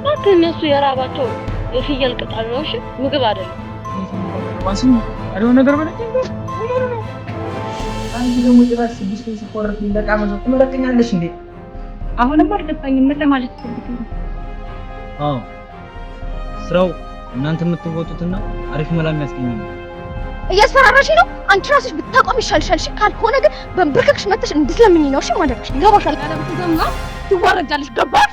እባክህ እነሱ የራባቸው የፍየል ቅጠል ነው። እሺ ምግብ አይደለም። ነገር አሁንም አልገባኝም። ምን ለማለት ስራው እናንተ የምትወጡትና አሪፍ መላ የሚያስገኝ ነው። እያስፈራራሽ ነው። አንቺ ራስሽ ብታቆም ይሻልሻል። እሺ ካልሆነ ግን በንብርከክሽ መጥተሽ እንድትለምኝ ነው። እሺ ማደረግሽ ገባሻል? ያለብሽ ትዋረጃለሽ። ገባሽ?